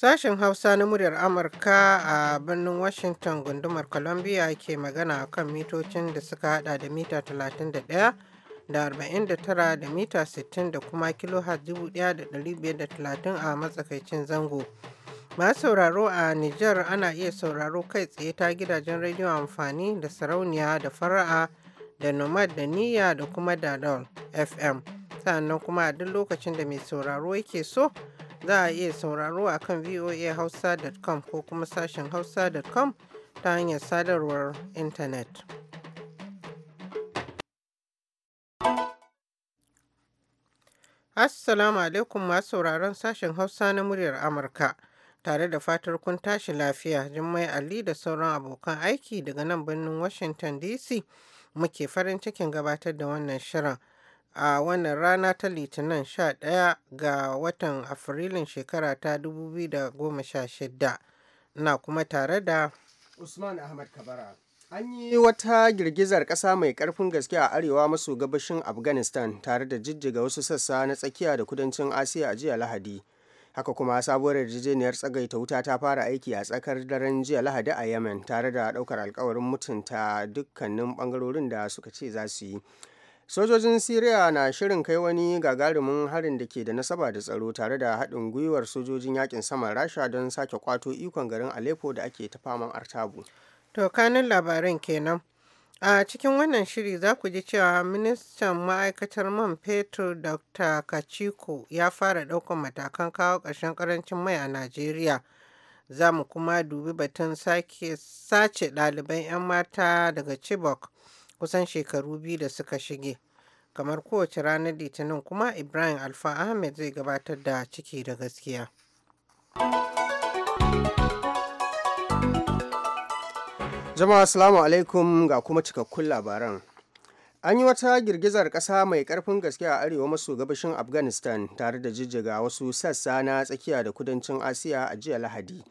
Sashen Hausa na muryar Amurka a birnin Washington gundumar Columbia ke magana a kan mitocin da suka hada da mita 31 da 49 da mita 60 da kuma kilohertz 1530 a matsakaicin zango. Masu sauraro a Nijar ana iya sauraro kai tsaye ta gidajen rediyo amfani da sarauniya da fara'a da nomad da niyya da kuma dadol FM. Sannan kuma a duk lokacin da mai sauraro yake so Za a iya sauraro a kan voahausa.com ko kuma sashen hausa.com ta hanyar sadarwar intanet. Assalamu alaikum masu sauraron sashen Hausa na muryar Amurka. Tare da fatar kun tashi lafiya, Jummai Ali da sauran abokan aiki daga nan birnin Washington DC muke farin cikin gabatar da wannan shirin. a wannan rana ta litinin 11 ga watan afrilun shekara ta 2016 na kuma tare da usman ahmad kabara An yi wata girgizar kasa mai karfin gaske a arewa maso gabashin Afghanistan tare da jijjiga wasu sassa na tsakiya da kudancin Asiya a jiya Lahadi. Haka kuma sabuwar yarjejeniyar tsagaita wuta ta fara aiki a tsakar daren jiya Lahadi a Yemen tare da daukar alkawarin mutunta dukkanin bangarorin da suka ce za su yi. sojojin syria na shirin kai wani gagarumin harin da ke da nasaba da tsaro tare da haɗin gwiwar sojojin yakin saman rasha don sake kwato ikon garin aleppo da ake ta faman artabu to kanin labaran kenan a cikin wannan shiri za ku ji cewa ministan ma'aikatar man fetur dr kachiko ya fara ɗaukar matakan kawo ƙarshen ƙarancin mai a najeriya za mu kuma dubi batun sace ɗaliban 'yan mata daga chibok kusan shekaru biyu da suka shige. Kamar kowace ranar Litinin kuma Ibrahim Alfa Ahmed zai gabatar da ciki da gaskiya. Jama'a Assalamu alaikum ga kuma cikakkun labaran. An yi wata girgizar ƙasa mai ƙarfin gaske a arewa maso gabashin Afghanistan tare da jijjiga wasu sassa na tsakiya da kudancin Asiya a jiya Lahadi.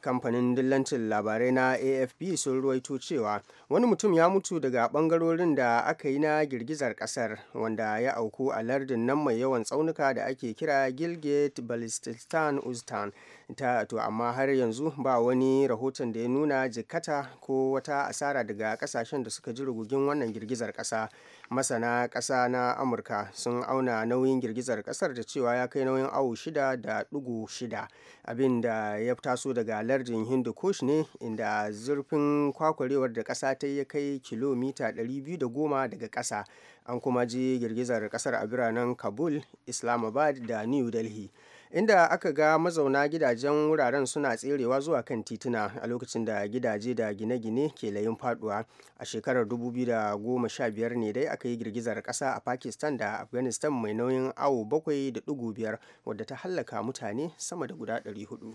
kamfanin dillancin labarai na afp sun ruwaito cewa wani mutum ya mutu daga bangarorin da aka yi na girgizar kasar wanda ya auku a lardin nan mai yawan tsaunuka da ake kira gilgit balististan uztan ta to amma har yanzu ba wani rahoton da ya nuna jikata ko wata asara daga kasashen da suka ji rugugin wannan girgizar kasa masana kasa na amurka sun auna nauyin girgizar kasar da cewa ya kai nauyin awo shida da ɗugu shida abin da ya taso daga lardin hindu kush ne inda zurfin kwakwarewar da kasa ta ya kai kilomita 210 daga kasa an kuma ji girgizar kasar a biranen kabul islamabad da new delhi inda aka ga mazauna gidajen wuraren suna tserewa zuwa kan tituna a lokacin da gidaje da gine-gine ke layin faduwa a shekarar 2015 ne dai aka yi girgizar kasa a pakistan da afghanistan mai nauyin awo 7.5 wadda ta hallaka mutane sama da guda 400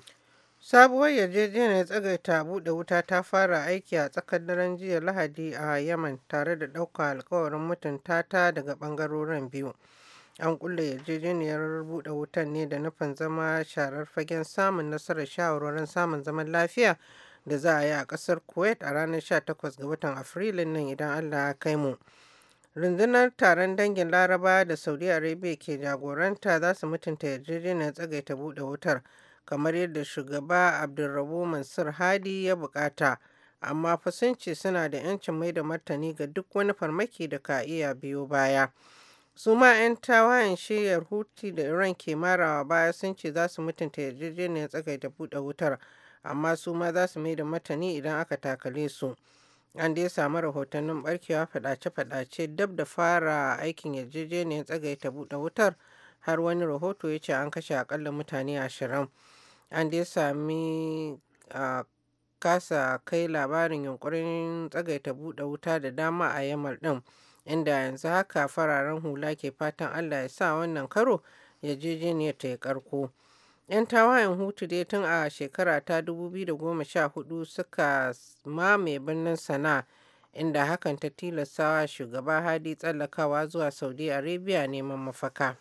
sabuwar yarjejeniyar tsagaita buɗe wuta ta fara aiki a tsakar daren jiya lahadi a yaman tare da ɗaukar alkawarin mutunta ta daga bangarorin biyu An kulle yarjejeniyar buɗe wutan ne da nufin zama sharar fagen samun nasarar shawarwarin samun zaman lafiya da za a yi a ƙasar Kuwait a ranar 18 ga watan Afrilun nan idan Allah ya kai mu. Rundunar taron dangin Laraba da Saudi Arabia ke jagoranta za su mutunta yarjejeniyar tsagaita buɗe wutar kamar yadda shugaba Abdulrabu Mansur Hadi ya bukata. Amma fa suna da 'yancin mai da martani ga duk wani farmaki da ka iya biyo baya. su ma 'yan tawayen shiyar huti da iran ke marawa baya sun ce za su mutunta yarjejeniyar tsagaita buɗe wutar amma su ma za su mai da matani idan aka takale su an dai samu rahotannin barkewa fadace-fadace dab da fara aikin yarjejeniyar ta buɗe wutar har wani rahoto ya ce an kashe akalla mutane ashirin an dai sami kasa kai labarin yunkurin tsagaita buɗe wuta da dama a yamal ɗin. inda yanzu haka fararen hula ke fatan Allah ya sa wannan karo yarjejeniyar ta yi karko. 'Yan tawayen hutu dai tun a shekara ta 2014 suka mame birnin sana'a inda hakan ta tilastawa shugaba hadi tsallakawa zuwa saudi arabia neman mafaka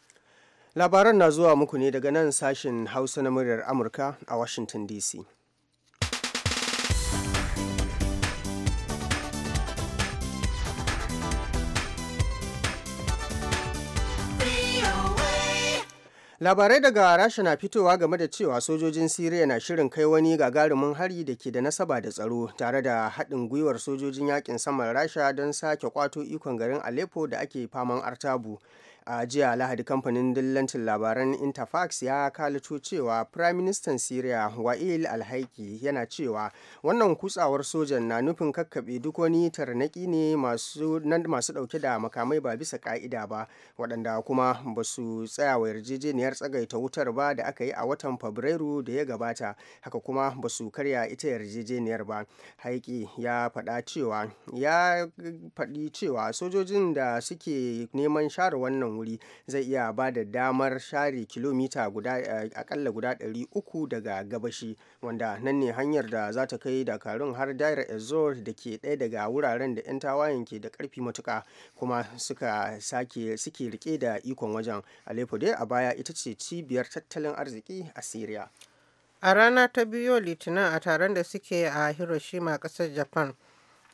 labaran na zuwa muku ne daga nan sashen hausa na muryar amurka a washington dc labarai daga rasha na fitowa game da cewa sojojin siriya na shirin kai wani gagarumin hari da ke da nasaba da tsaro tare da haɗin gwiwar sojojin yakin saman rasha don sake kwato ikon garin aleppo da ake faman artabu a jiya lahadi kamfanin dillancin labaran interfax ya kalato cewa prime minister syria wa'il alhaiki yana cewa wannan kutsawar sojan na nufin kakkaɓe duk wani tarnaki ne masu ɗauke da makamai ba bisa ka'ida ba waɗanda kuma ba su tsaya wa yarjejeniyar tsagaita wutar ba da aka yi a watan fabrairu da ya gabata haka kuma ba su karya ita yarjejeniyar ba haiki ya faɗa cewa ya faɗi cewa sojojin da suke neman share wannan wuri zai iya ba da damar share kilomita guda eh, akalla guda 300 daga gabashi wanda nan ne hanyar da za ta kai dakarun har daira ezor da ke ɗaya daga wuraren da 'yan tawayen ke da ƙarfi matuka kuma suka sake suke rike da ikon wajen aleppo dai a baya ita ce cibiyar tattalin arziki a syria a rana ta biyu litinin a taron da suke a hiroshima ƙasar japan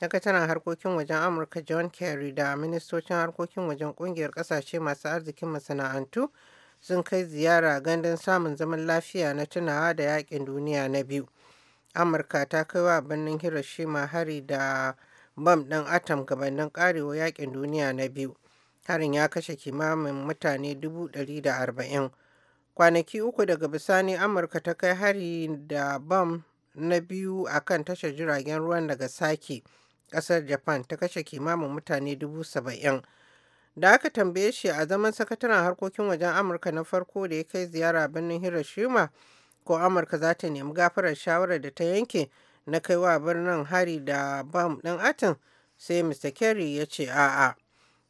Sakataren harkokin wajen Amurka John Kerry da ministocin harkokin wajen kungiyar kasashe masu arzikin masana'antu sun kai ziyara gandun samun zaman lafiya na tunawa da yakin duniya na biyu. Amurka ta kai wa birnin Hiroshima hari da bam ɗin atom gabanin karewa yakin duniya na biyu. Harin ya kashe kimamin mutane 140. Kwanaki uku daga bisani Amurka ta kai hari da bam na biyu akan tashar jiragen ruwan daga sake. ƙasar Japan ta kashe kimamin mutane dubu saba'in. Da aka tambaye shi a zaman sakataren harkokin wajen Amurka na farko da ya kai ziyara birnin Hiroshima ko Amurka za ta nemi gafarar shawarar da ta yanke na kaiwa birnin hari da bam ɗin atin sai Mr. Kerry ya ce a'a.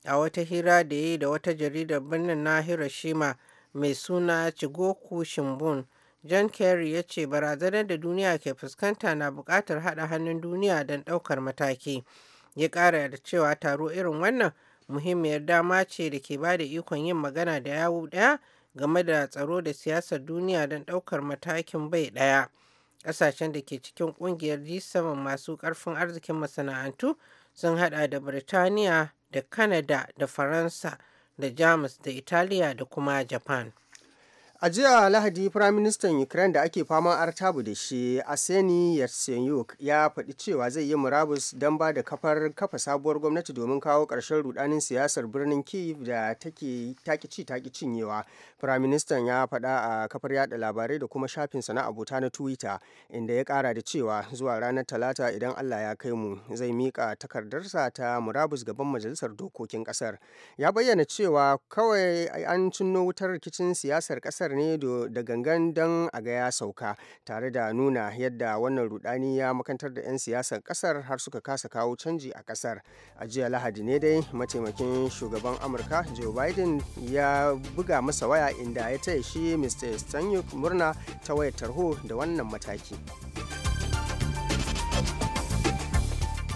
A wata hira da ya yi da wata jaridar birnin na Hiroshima mai suna Chigoku Shimbun John Kerry ya ce barazanar da duniya ke fuskanta na buƙatar haɗa hannun duniya don ɗaukar mataki. Ya ƙara da cewa taro irin wannan muhimmiyar dama ce da ke ba da ikon yin magana da yawo ɗaya game da tsaro da siyasar duniya don ɗaukar matakin bai ɗaya. Ƙasashen da ke cikin ƙungiyar G7 masu ƙarfin arzikin masana'antu sun haɗa da Birtaniya da Kanada, da Faransa da Jamus da Italiya da kuma Japan. a jiya lahadi firaministan ukraine da ake faman artabu da shi aseni yatsenyuk ya faɗi cewa zai yi murabus don ba da kafar kafa sabuwar gwamnati domin kawo ƙarshen rudanin siyasar birnin kiev da take takici taki cinyewa firaministan ya faɗa a kafar yada labarai da kuma shafin na abota na twitter inda ya ƙara da cewa zuwa ranar talata idan allah ya kai mu zai miƙa takardarsa ta murabus gaban majalisar dokokin ƙasar ya bayyana cewa kawai an cinno wutar rikicin siyasar ƙasar ƙasar ne da gangan don a ga ya sauka tare da nuna yadda wannan rudani ya makantar da 'yan siyasar kasar har suka kasa kawo canji a kasar a jiya lahadi ne dai mataimakin shugaban amurka joe biden ya buga masa waya inda ya taya shi mr stanyuk murna ta wayar tarho da wannan mataki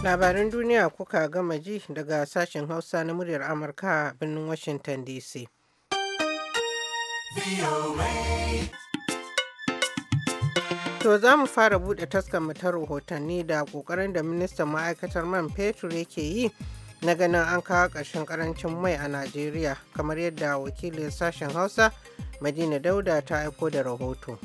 labarin duniya kuka gama ji daga sashen hausa na muryar amurka a birnin washington dc To za mu fara buɗe taskar mu ta rahotanni da ƙoƙarin da ministan ma'aikatar man fetur yake yi na ganin an kawo ƙarshen ƙarancin mai a Najeriya kamar yadda wakilin sashen Hausa Madina Dauda ta aiko da rahoto.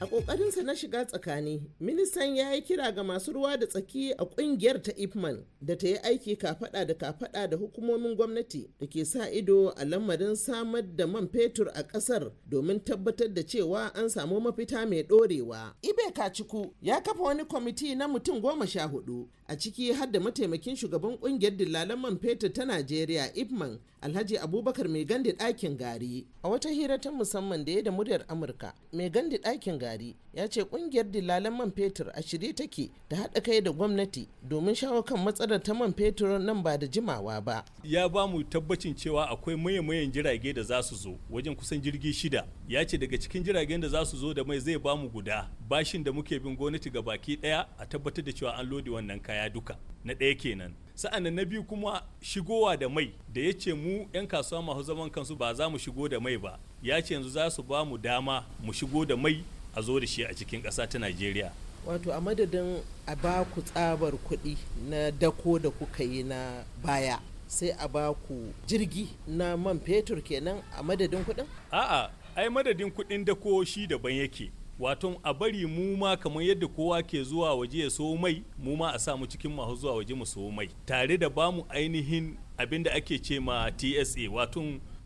A ƙoƙarinsa na shiga tsakani, ministan ya yi kira ga masu ruwa da tsaki a ƙungiyar ta IPMAN da ta yi aiki kafaɗa da kafaɗa da hukumomin gwamnati da ke sa ido a lamarin samar da man fetur a ƙasar domin tabbatar da cewa an samu mafita mai ɗorewa. Ibe Kaciku ya kafa wani kwamiti na mutum goma sha hudu a ciki har da mataimakin shugaban kungiyar dillalan man fetur ta najeriya ipman alhaji abubakar mai gandi ɗakin gari a wata hira ta musamman da ya da muryar amurka mai gandi ɗakin gari ya ce kungiyar dillalan man fetur a shirye take ta haɗa kai da gwamnati domin shawo kan matsalar ta man fetur nan ba da jimawa ba ya ba mu tabbacin cewa akwai maye-mayen jirage da za su zo wajen kusan jirgi shida ya ce daga cikin jiragen da za su zo da mai zai ba mu guda bashin da muke bin gwamnati ga baki daya a tabbatar da cewa an lodi wannan kaya duka na ɗaya kenan sa'an na biyu kuma shigowa da mai da ya ce mu 'yan kasuwa masu zaman kansu ba za mu shigo da mai ba ya ce yanzu za su ba mu dama mu shigo da mai a zo da shi a cikin ƙasa ta najeriya wato a madadin a ba ku tsabar kuɗi na dako da kuka yi na baya sai a ba ku jirgi na man fetur kenan a madadin kuɗin a'a ai madadin kuɗin ko shi daban yake wato a bari mu ma kamar yadda kowa ke zuwa waje ya so mai mu ma a samu cikin masu zuwa waje mu so mai tare da bamu ainihin abin da ake ce ma TSA wato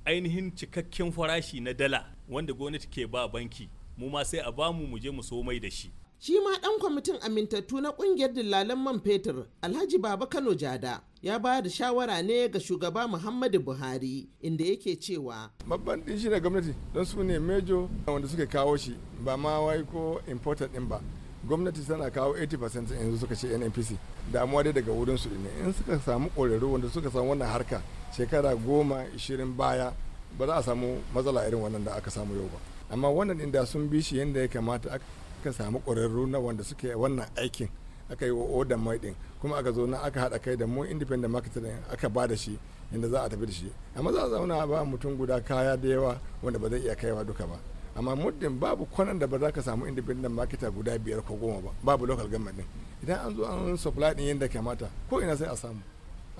ainihin cikakken farashi na dala wanda gwamnati ke ba banki mu ma sai a bamu mu je mu so mai da shi shi ma dan kwamitin amintattu na kungiyar dillalan man fetur Alhaji Baba Kano Jada ya ba da shawara ne ga shugaba muhammadu buhari inda yake cewa babban din shi gwamnati don su ne mejo wanda suka kawo shi ba ma wai ko imported din ba gwamnati tana kawo 80% yanzu suka ce nnpc damuwa dai daga wurin su ne in suka samu ƙwararru wanda suka samu wannan harka shekara goma ishirin baya ba za a samu matsala irin wannan da aka samu yau ba amma wannan inda sun bi shi yadda ya kamata aka samu ƙwararru na wanda suke wannan aikin aka yi wa mai din kuma aka zo na aka haɗa kai da mu independent market din aka ba da shi inda za a tafi da shi amma za a zauna ba mutum guda kaya da yawa wanda ba zai iya kaiwa duka ba amma muddin babu kwanan da ba za ka samu independent marketer guda biyar ko goma ba babu local government din idan an zo an supply din yadda kamata ko ina sai a samu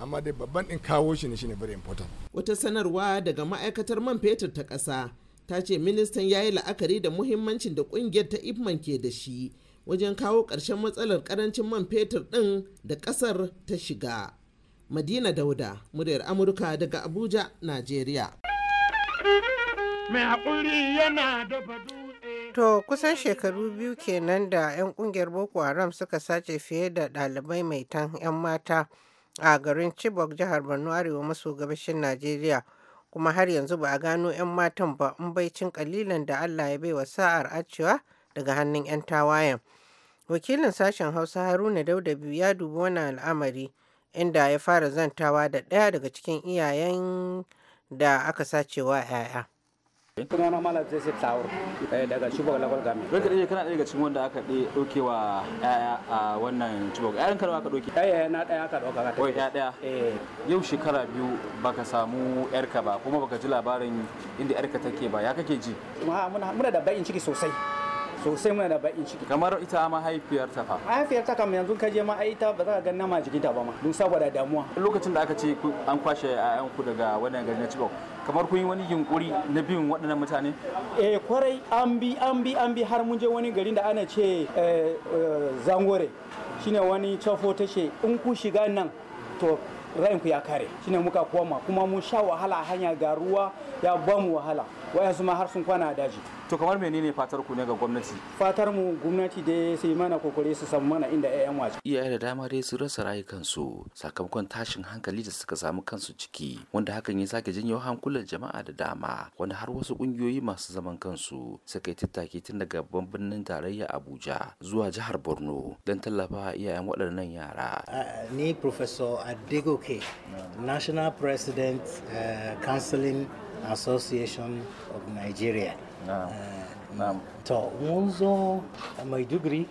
amma dai babban ɗin kawo shi ne shine very important wata sanarwa daga ma'aikatar man fetur ta ƙasa ta ce ministan ya yi la'akari da muhimmancin da kungiyar ta ipman ke da shi wajen kawo ƙarshen matsalar ƙarancin man fetur ɗin da ƙasar ta shiga. Madina Dauda, muryar Amurka daga Abuja, Najeriya. To kusan shekaru biyu kenan da 'yan kungiyar Boko Haram suka sace fiye da ɗalibai mai tan 'yan mata a garin Chibok jihar Borno Arewa maso gabashin Najeriya. Kuma har yanzu ba a gano 'yan matan ba in baicin kalilan da Allah ya bai wa sa'ar acewa daga hannun 'yan tawayen. Wakilin sashen Hausa Haruna daudabi ya dubi wannan al'amari inda ya fara zantawa da ɗaya daga cikin iyayen da aka sacewa 'ya'ya. sunana malam jesse tawur eh, daga chibok local government don kaɗai kana daga cikin wanda aka ɗauke wa ƴaƴa a wannan chibok ƴaƴan karwa aka ɗauke ƴaƴa na ɗaya aka ɗauka ka ɗauke ɗaya eh. yau shekara biyu baka samu ƴarka ba kuma baka ji labarin inda ƴarka take ba ya kake ji muna da bayin ciki sosai sosai muna da bakin ciki kamar ita mahaifiyar ta fa mahaifiyar ta kam yanzu ka je ma ai ta ba za ka ga nama jikinta ba ma don saboda damuwa lokacin da aka ce an kwashe ayan ku daga wannan gari na Chibok kamar kun yi wani yunkuri na bin waɗannan mutane eh kwarai an bi an bi an bi har mun je wani garin da ana ce eh, eh, zangore shine wani cafo ta ce in ku shiga nan to ranku ya kare shine muka koma kuma mun sha wahala hanya ga ruwa ya bamu wahala wayansu ma har sun kwana a daji to kamar menene fatar ku ne ga gwamnati fatar mu gwamnati da sai mana kokore su samu mana inda ƴaƴan waje iyaye da dama dai su rasa rayukansu sakamakon tashin hankali da suka samu kansu ciki wanda hakan ya sake janyo hankulan jama'a da dama wanda har wasu kungiyoyi masu zaman kansu suka yi tattaki tun daga babban birnin tarayya Abuja zuwa jihar Borno don tallafa iyayen waɗannan yara ni professor Adegoke national president uh, counseling association of nigeria uh, to mun zo maiduguri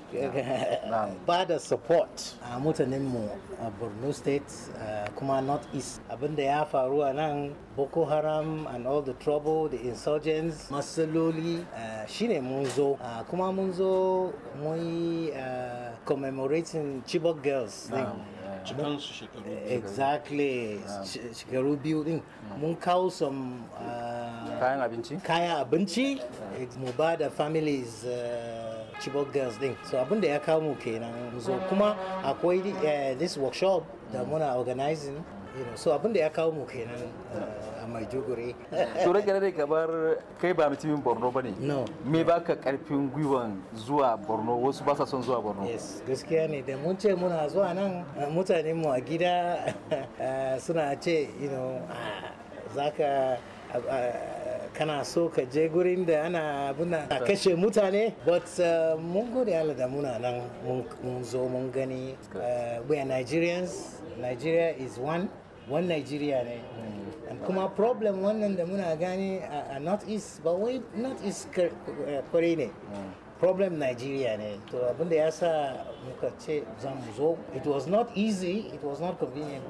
ba support a mutanenmu a borno state uh, kuma north east abinda ya faru a nan boko haram and all the trouble the insurgents matsaloli uh, shine mun zo kuma mun zo mun yi commemorating chibok girls din cikansu shekaru exactly ah. shekaru biyu din hmm. mun kawo some ah, kayan abinci kayan abinci eh, mu ba da families eh, Chibok girls din so abin da ya kawo mu kenan so kuma akwai eh, this workshop da hmm. muna organizing so abin da ya kawo mu kenan eh, a maiduguri to rage da kabar kai ba mutumin borno ba ne me ba ka karfin gwiwan zuwa borno wasu ba sa son zuwa borno yes gaskiya ne da mun ce muna zuwa nan eh, mutane mu a gida eh, suna ce you know ah, za ka kana so ka je gurin da ana abuna a kashe mutane but mun gode Allah da muna nan mun zo mun gani we are Nigerians Nigeria is one wan Nigeria ne mm. and kuma problem wannan da muna gani a north east ba wai north east kare ne mm. problem Nigeria ne to abinda ya sa muka ce za mu zo it was not easy it was not convenient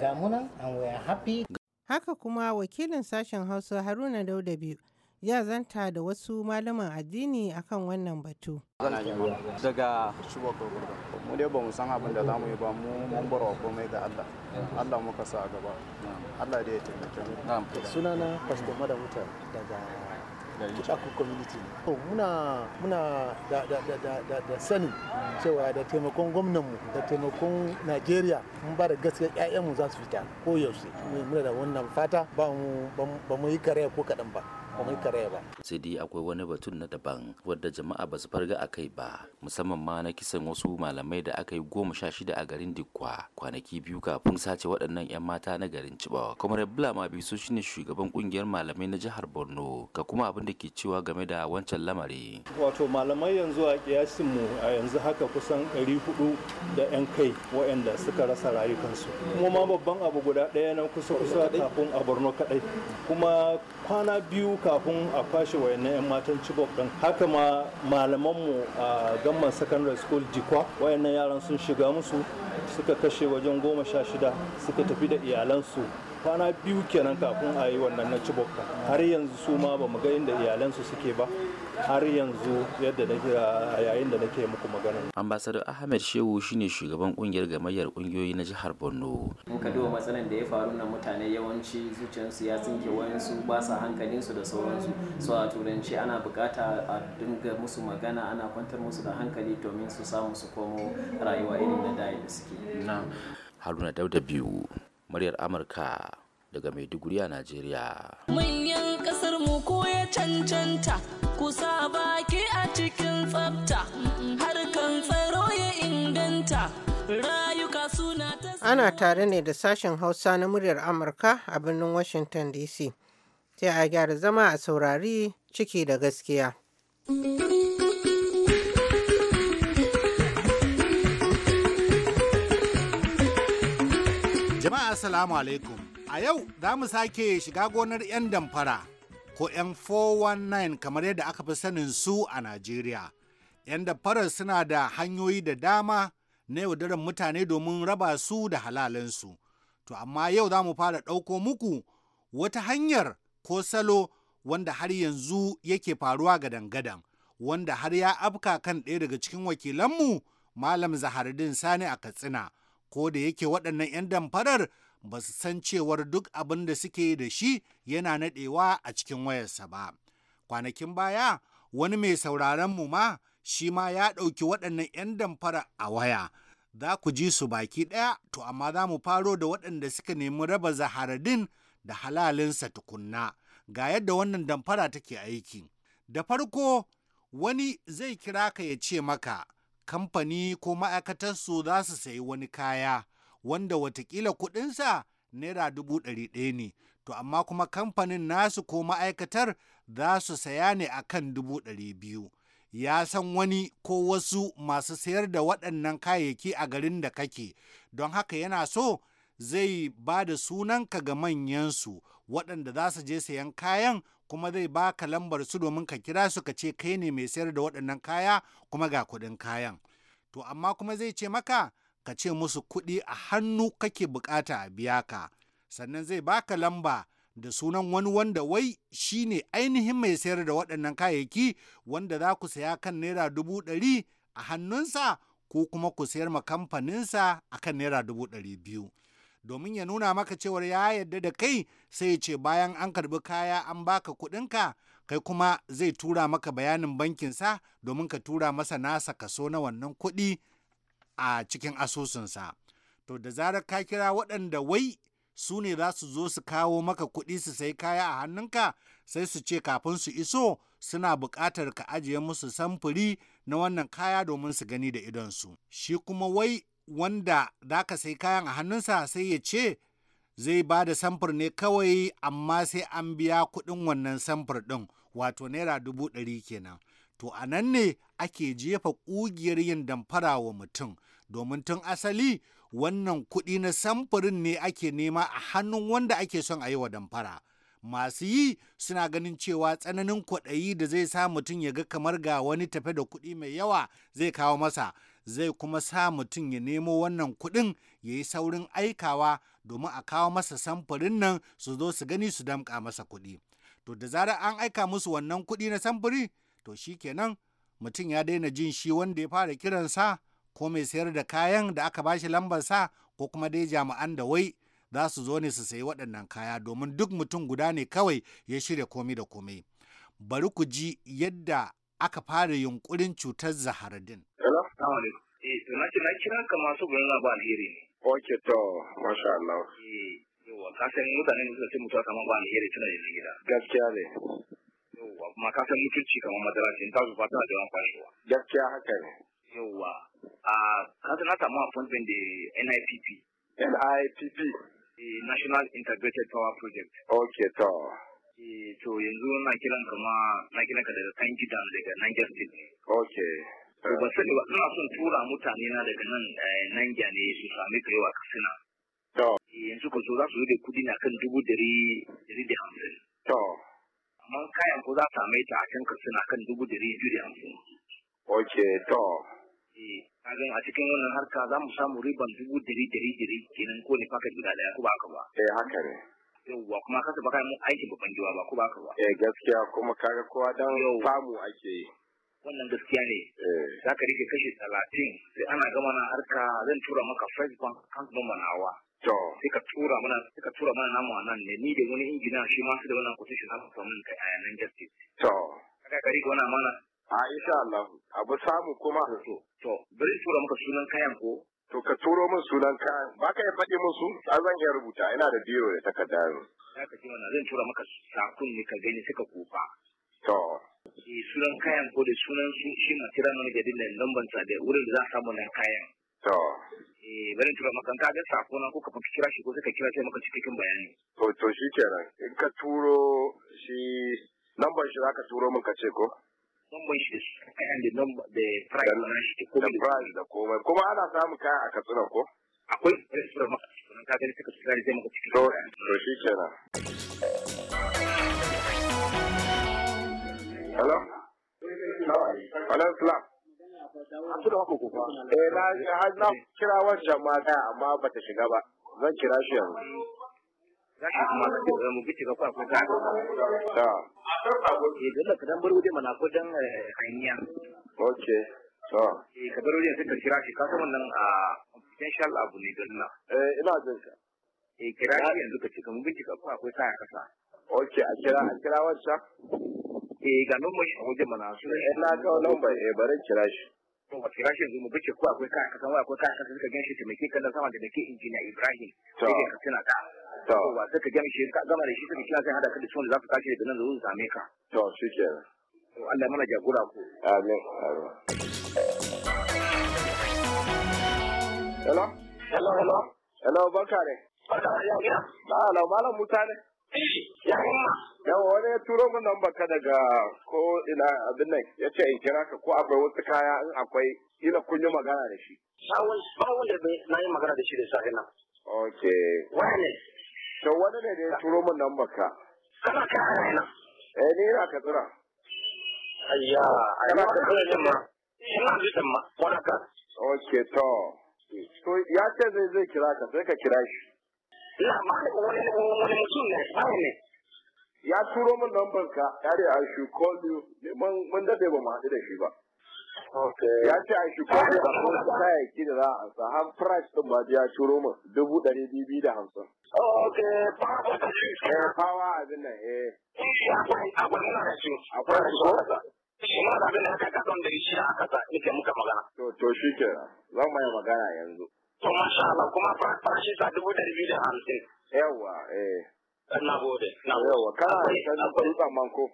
ga muna and we are happy haka kuma wakilin sashen hausa haruna dauda biyu ya zanta da wasu malaman addini akan wannan batu. Daga mu dai ba mu san abin da za mu yi ba mu mun bar wa komai ga Allah. Allah muka sa a gaba. Allah da ya taimake mu. Sunana Pastor Madamuta daga Kuchaku community. To muna muna da da da da da, da sani cewa da taimakon gwamnanmu da taimakon Najeriya mun bar gaske gaskiya ƴaƴanmu za su fita ko yaushe. Muna da wannan fata ba mu ba mu yi kare ko kaɗan ba. kuma sai dai akwai wani batun na daban wadda jama'a ba su farga a kai ba musamman ma na kisan wasu malamai da aka yi goma sha shida a garin dikwa kwanaki biyu kafin sace waɗannan 'yan mata na garin cibawa kuma kamar bulama biso shine shugaban kungiyar malamai na jihar borno ga kuma abin da ke cewa game da wancan lamari wato malamai yanzu a kiyasin mu a yanzu haka kusan 400 da 'yan kai waɗanda suka rasa rayukansu kuma ma babban abu guda ɗaya na kusa kusa kafin a borno kaɗai kuma kwana biyu kafin a kwashe wayannan 'yan matan chibok ɗin haka ma malamanmu a gamman secondary school jikwa wayannan yaran sun shiga musu suka kashe wajen goma sha shida suka tafi da iyalansu kwana biyu kenan kafin a yi wannan na chibok har yanzu su ma ba mu ga inda iyalansu suke ba har yanzu yadda na kira yayin da nake muku magana ambassador ahmed shehu shine shugaban kungiyar gamayyar kungiyoyi na jihar borno Mun ka duba matsalan da ya faru na mutane yawanci zuciyarsu ya tsinke wayansu ba sa hankalinsu da sauransu so a turanci ana bukata a dinga musu magana ana kwantar musu da hankali domin su samu su komo rayuwa irin na da suke haruna dauda biyu muryar amurka daga Maiduguri a Najeriya. Manyan kasar mu ko ya cancanta kusa baki a cikin tsafta harkan tsaro ya inganta rayuka suna ta Ana tare ne da sashen Hausa na muryar Amurka a birnin Washington DC. Sai a gyara zama a saurari ciki da gaskiya. Jama'a Assalamu alaikum. A yau za mu sake shiga gonar 'yan damfara ko 'yan 419 kamar yadda aka fi sanin su a Najeriya. 'Yan damfara suna da hanyoyi da dama na yaudarar mutane domin raba su da halalansu. To amma yau za mu fara ɗauko muku wata hanyar ko salo wanda har yanzu yake faruwa ga dangadan wanda har ya afka kan ɗaya daga cikin wakilanmu Malam din Sani a Katsina. Ko da yake waɗannan 'yan damfarar ba su san cewar duk abin da suke da shi yana nadewa a cikin wayarsa ba. Kwanakin baya, wani mai sauraron mu ma shi ma ya ɗauki waɗannan 'yan damfara a waya. Za ku ji su baki ɗaya, to amma za mu faro da waɗanda suka nemi raba zaharadin da halalinsa tukunna. Ga yadda wannan damfara take aiki. Da farko, wani zai kira ka ya ce maka, kamfani ko su za su sayi wani kaya. wanda watakila kuɗinsa naira dubu ɗari ɗaya ne to amma kuma kamfanin nasu ko ma'aikatar za su saya ne a kan dubu ɗari biyu ya san wani ko wasu masu sayar da waɗannan kayayyaki a garin da kake don haka yana so zai ba da sunanka ga manyansu waɗanda za su je sayan kayan kuma zai ba ka lambar su domin ka kira su ka ce kai ne mai sayar da waɗannan kaya kuma ga kuɗin kayan to amma kuma zai ce maka ka ce musu kuɗi a hannu kake bukata a biya ka sannan zai baka lamba da sunan wani wanda wai shi ne ainihin mai sayar da waɗannan kayayyaki wanda za ku saya kan naira dubu ɗari a hannunsa ko kuma ku sayar ma kamfaninsa a kan naira dubu ɗari biyu domin ya nuna maka cewar ya yadda da kai sai ya ce bayan an karbi kaya an baka kuɗinka kai kuma zai tura maka bayanin bankinsa domin ka tura masa nasa kaso na wannan kuɗi a cikin asusunsa. To da zarar ka kira waɗanda wai su ne za su zo su kawo maka kuɗi su sai kaya a hannunka sai su ce kafin su iso suna buƙatar ka ajiye musu samfuri na wannan kaya domin su gani da idonsu. Shi kuma wai wanda za ka sai kayan a hannunsa sai ya ce zai ba da samfur ne kawai amma sai an biya kuɗin wannan samfur ɗin wato naira dubu ɗari kenan. To a nan ne ake jefa ƙugiyar yin damfara wa mutum. domin tun asali wannan kuɗi na samfurin ne ake nema a hannun wanda ake son a yi wa damfara. masu yi suna ganin cewa tsananin kwaɗayi da zai sa mutum ya ga kamar ga wani tafe da kuɗi mai yawa zai kawo masa zai kuma sa mutum ya nemo wannan kuɗin ya yi saurin aikawa domin a kawo masa samfurin nan su zo su gani su damƙa masa kuɗi to da zarar an aika musu wannan kuɗi na samfuri to shi kenan mutum ya daina jin shi wanda ya fara kiransa ko mai sayar da kayan da aka bashi lambar sa ko kuma dai jami'an da wai za su zo ne su sayi waɗannan kaya domin duk mutum guda ne kawai ya shirya komai da komai bari ku ji yadda aka fara yunkurin cutar zaharadin. Eh, na masu alheri ne. Ok to, masha Allah. Eh, ka san mutane ne suka ce mutuwa kamar ba alheri tana yin gida. Gaskiya ne. Yawwa, kuma ka san mutunci kamar madara ce, ta zuba ta da wani kwashewa. Gaskiya haka ne. Yawwa, Kazi nata na samu appointment NIPP. NIPP? The eh, National Integrated Power Project. Ok, to. Eh, to yanzu na kiran kama na kiran ka daga kan gidan daga Niger State. Ok. To ba sani ba ina son tura mutane na daga nan eh, Niger ne su sami kai wa kasina. To. Yanzu ko so za su yi da kudi na kan dubu dari dari da hamsin. To. Amma kayan ko za su same ta a kan kasina kan dubu dari biyu da hamsin. Ok, to. Eh, kajin a cikin wannan harka za mu samu riban dubu dari dari dari kenan ko ne fakat guda daya ko ba haka ba eh haka ne yauwa kuma kasa baka mun aiki babban giwa ba ko ba haka ba eh gaskiya kuma kaga kowa dan samu ake wannan gaskiya ne eh. za ka rike kashi talatin sai ana gama na harka zan tura maka first bank account number nawa to sai ka tura mana sai ka tura mana namu nan ne ni da wani injina shi ma su da wannan za su samu kai a yanan gaskiya. to kaga ka rike wannan amana a ah, insha Allah abu samu kuma to to bari tura maka sunan kayan ko to ka turo min sunan kayan ba ka faɗi min su a zan iya rubuta ina da biro da takarda yanzu za ka ji wannan zan tura maka sakun ne ka gani suka kofa to e, sunan kayan ko da sunan su shi kira manager da nan lamban sa da wurin da za a samu nan kayan to eh bari tura maka ka ga sako na ko ka fa kira shi ko sai ka kira sai maka cikin bayani to to shikenan in ka turo shi lamban shi za ka turo min ka ce ko musamman shi da suka kayan da nan da price na shi da price da komai kuma ana samun kaya a katsina ko akwai sura maka katsina ka gani suka tsira zai maka cikin rawa to shi kenan hello hello islam an su da wako kuma eh na kira wancan mata amma bata shiga ba zan kira shi yanzu zaki kuma ka eh, mu bi ga kwa kuta ta eh dole ka dan bar waje mana ko dan eh, hanya okay to eh ka bar waje sai ka kira shi ka san wannan a ah, potential abu ne dalla eh ina jin ka eh kira shi yanzu ka ce ka mu bi ga kwa kuta ya kasa okay a kira a kira wacce eh ga nan mai waje mana su eh na ka nan bai eh bare kira shi to a kira shi yanzu mu bi ko akwai ka kasan wai akwai ka kasan ka ganshi taimake kan sama da dake injiniya Ibrahim sai ka tuna ka Yawwa suka gama shi gama da shi suka kira sai hada ka da ciwon da za su tashi daga nan da zuwa same ka. To shi kenan. Allah mana jagora ku. Amin. Hello? Hello, hello. Hello, barka ne. Barka da yau. Hello, malam Musa ne. Eh, Yawa wani ya turo min nan baka daga ko ina abin nan ya ce in kira ka ko akwai wasu kaya in akwai ina kun yi magana da shi. Bawon da na yi magana da shi da safe nan. Ok. Wani to wani ne da ya turo min nan baka kana ka hana eh ni ina ka tsira ayya ayya ka tsira ma ina ji din to to ya ce zai zai kira ka sai ka kira shi ina ma wani ya turo min nan ya ce I mun dade mu haɗu da shi ba ya ce a shi ko da kayayyaki da za a ansa har price din ba ya shiro mu dubu ɗari biyu biyu da hamsin. ok fawa da shi. eh fawa abin nan eh. eh akwai akwai na da shi. akwai na shi. shi ma abin na aka kasan da shi aka sa nake muka magana. to to shi ke za mu yi magana yanzu. to masha Allah kuma farashi sa dubu ɗari biyu da hamsin. yawa eh. eh. na gode na yawa kana da kan tsamman ko.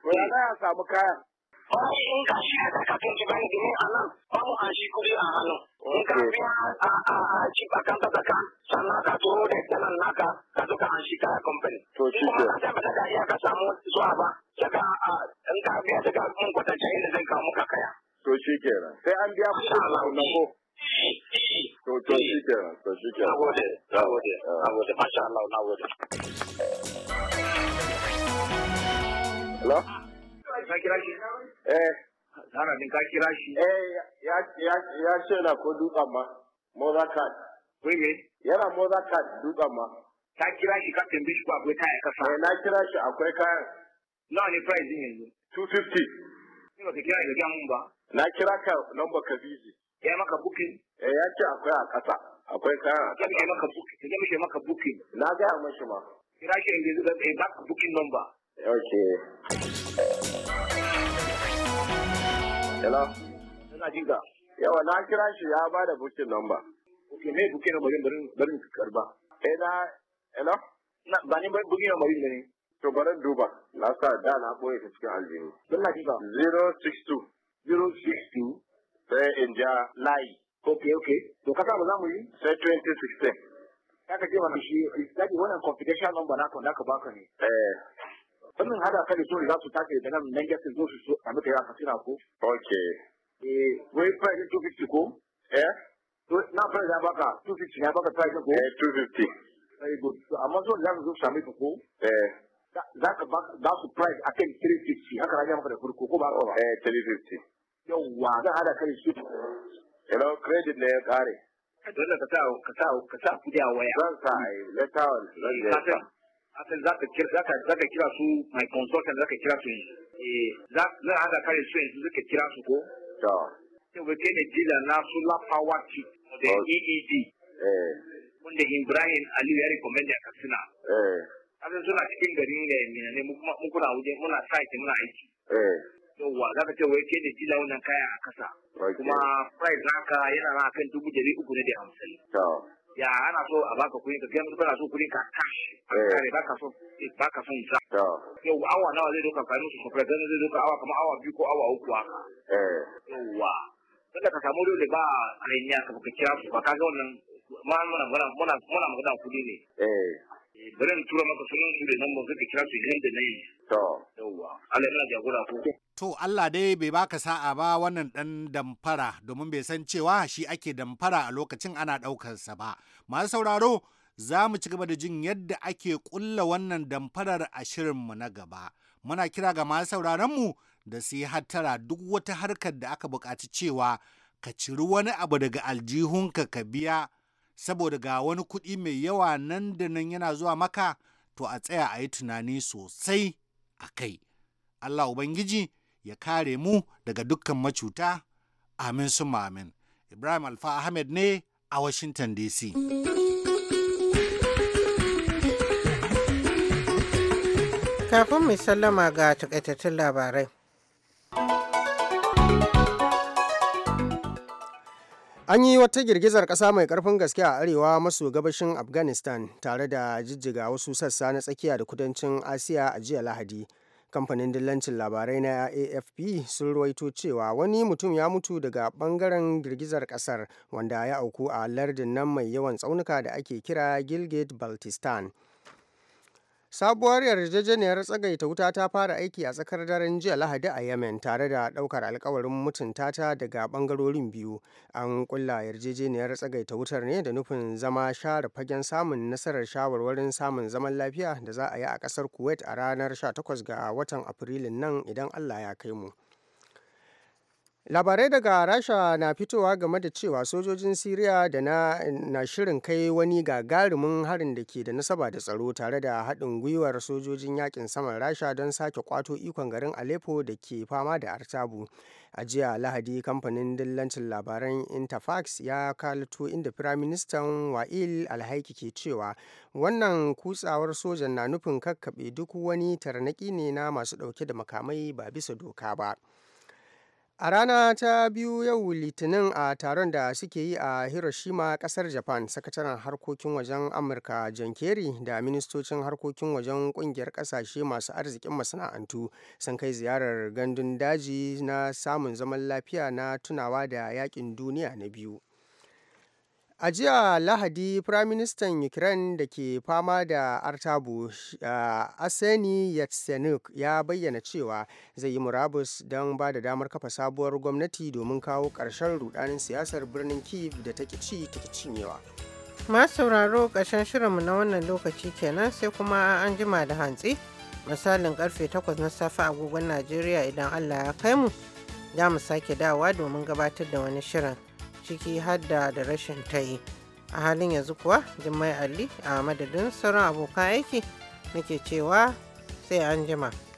Wani eh, ya samu kayan. wani in ga shi da ka kai gini a nan ba mu an shi kuɗi a hannu in ka biya a ci a kan ta ka sannan ka turo da naka ka zuka an shi kaya kamfani. to shi ke ba ta da iya ka samu zuwa ba daga in ka biya daga mun kwatanta inda zan kawo muka kaya. to shi kenan sai an biya kuɗi na ko. to to shi kenan to shi kenan. na gode na gode na gode masha Allah na gode. Hello? ka kira shi? Eh. Sana din ka kira shi? Eh, ya ya ya shaida ko dutsen ma. Moza card. Wai me? Yana moza card dutsen ma. Ka kira shi ka tambaye shi ko akwai kaya kasa? Eh, na kira shi akwai kayan. Nawa ne price din yanzu? 250. Ni ba ka kira da gyan mun ba. Na kira ka number ka busy. Ya maka booking? Eh, ya ce akwai a kasa. Akwai kayan a kasa. maka booking. Ya mishi maka booking. Na gaya mashi ma. Kira shi yanzu da eh, back booking number. Okay. Hello. Ina jin ka. Yawa na kira shi ya ba da bukin namba. Ok, ne bukin namba zan barin karba. Eh na hello. Na ba ni barin bukin namba ne. To barin duba. Na sa da na boye ta cikin aljini. Ina jin ka. 062 062 sai in ja lai. Ok, ok. To kasa ba za mu yi? Sai 2016. ka ce mana shi, wannan confidential number naka ka baka ne. Eh. sannan hada ka da za su take da nan nan gasin zo su a muka ya fasina ko okay eh wai fa 250 ko eh to na fa da baka 250 ya baka price ko eh 250 very good so amma so za su zo sami ko eh za ka ba su price akan 350 haka ranya maka da farko ko ba ka ba eh 350 yawwa zan hada ka su hello credit ne ya kare dole ka sa ka sa ka sa kudi a waya zan sa ai letawal zan sa asan za kira kira su my consultant ka kira su yi eh, za za hada kare su yanzu ka kira su ko to sai wake ne dila na solar power kit. da EED e eh wanda Ibrahim Aliyu ya recommend a Katsina eh abin suna cikin gari ne ne mu kuma mun kuna waje muna site muna aiki eh wa za ka ce wai ke da jila wannan kaya a kasa kuma price naka yana na kan dubu dari uku ne da hamsin ya ana so a baka kuɗi ka kai musu bana so kuɗi ka kashi. Eh. kare baka so baka son za yau awa nawa zai doka kai su sofra gani zai doka awa kamar awa biyu ko awa uku haka eh. yauwa tunda ka samu dole ba hanya ka kira su ba ka ga wannan muna muna muna muna kuɗi ne eh. Eh, bari in tura maka sunan su da nan ba kira su da na yi to yawwa Allah yana jagora ko to Allah dai bai baka sa'a ba wannan ɗan damfara domin bai san cewa shi ake damfara a lokacin ana ɗaukar sa ba masu sauraro za mu ci gaba da jin yadda ake ƙulla wannan damfarar a shirin mu na gaba muna kira ga masu sauraronmu da su yi hattara duk wata harkar da aka buƙaci cewa ka ciri wani abu daga aljihunka ka biya saboda ga wani kuɗi mai yawa nan da nan yana zuwa maka to a tsaya a yi tunani sosai a kai allah ubangiji ya kare mu daga dukkan macuta amin amin ibrahim alfa ahmed ne a washington dc kafin mai sallama ga takaitattun labarai An yi wata girgizar ƙasa mai ƙarfin gaske a arewa maso gabashin Afghanistan tare da jijjiga wasu sassa na tsakiya da kudancin Asiya a jiya Lahadi. Kamfanin dillancin labarai na AFP sun ruwaito cewa wani mutum ya mutu daga bangaren girgizar ƙasar wanda ya auku a lardin nan mai yawan tsaunuka da ake kira Gilgit-Baltistan. Sabuwar yarjejeniyar tsagaita wuta ta fara aiki a tsakar daren jiya Lahadi a Yemen tare da daukar alkawarin mutunta ta daga bangarorin biyu. An kulla yarjejeniyar tsagaita wutar ne da nufin zama share fagen samun nasarar shawarwarin samun zaman lafiya da za a yi a kasar Kuwait a ranar 18 ga watan Afrilun nan idan Allah ya kai mu. labarai daga rasha na fitowa game da cewa sojojin siriya da na, shirin kai wani gagarumin harin da ke da nasaba da tsaro tare da haɗin gwiwar sojojin yakin saman rasha don sake kwato ikon garin aleppo da ke fama da artabu a jiya lahadi kamfanin dillancin labaran interfax ya kalato inda firaministan wa'il alhaiki ke cewa wannan kutsawar sojan na nufin kakkaɓe duk wani tarnaƙi ne na masu ɗauke da makamai ba bisa doka ba A rana ta biyu yau Litinin a taron da suke yi a Hiroshima kasar Japan, sakataren harkokin wajen Amurka John Kerry da ministocin harkokin wajen kungiyar kasashe masu arzikin masana'antu sun kai ziyarar gandun daji na samun zaman lafiya na tunawa da yakin duniya na biyu. A jiya Lahadi, Firaministan Ukraine da ke fama da artabu uh, Aseni Yatsenuk ya bayyana cewa zai yi murabus don ba da damar kafa sabuwar gwamnati domin kawo ƙarshen rudanin siyasar birnin Kyiv da ta kici ta cinyewa. Masu sauraro ƙarshen shirinmu na wannan lokaci kenan sai kuma an jima da hantsi misalin karfe 8 na safe agogon Najeriya idan Allah ya kai mu za mu sake dawa domin gabatar da wani shirin. ciki hadda da rashin ta yi a halin yanzu kuwa jimai ali a madadin sauran abokan aiki nake cewa sai an jima.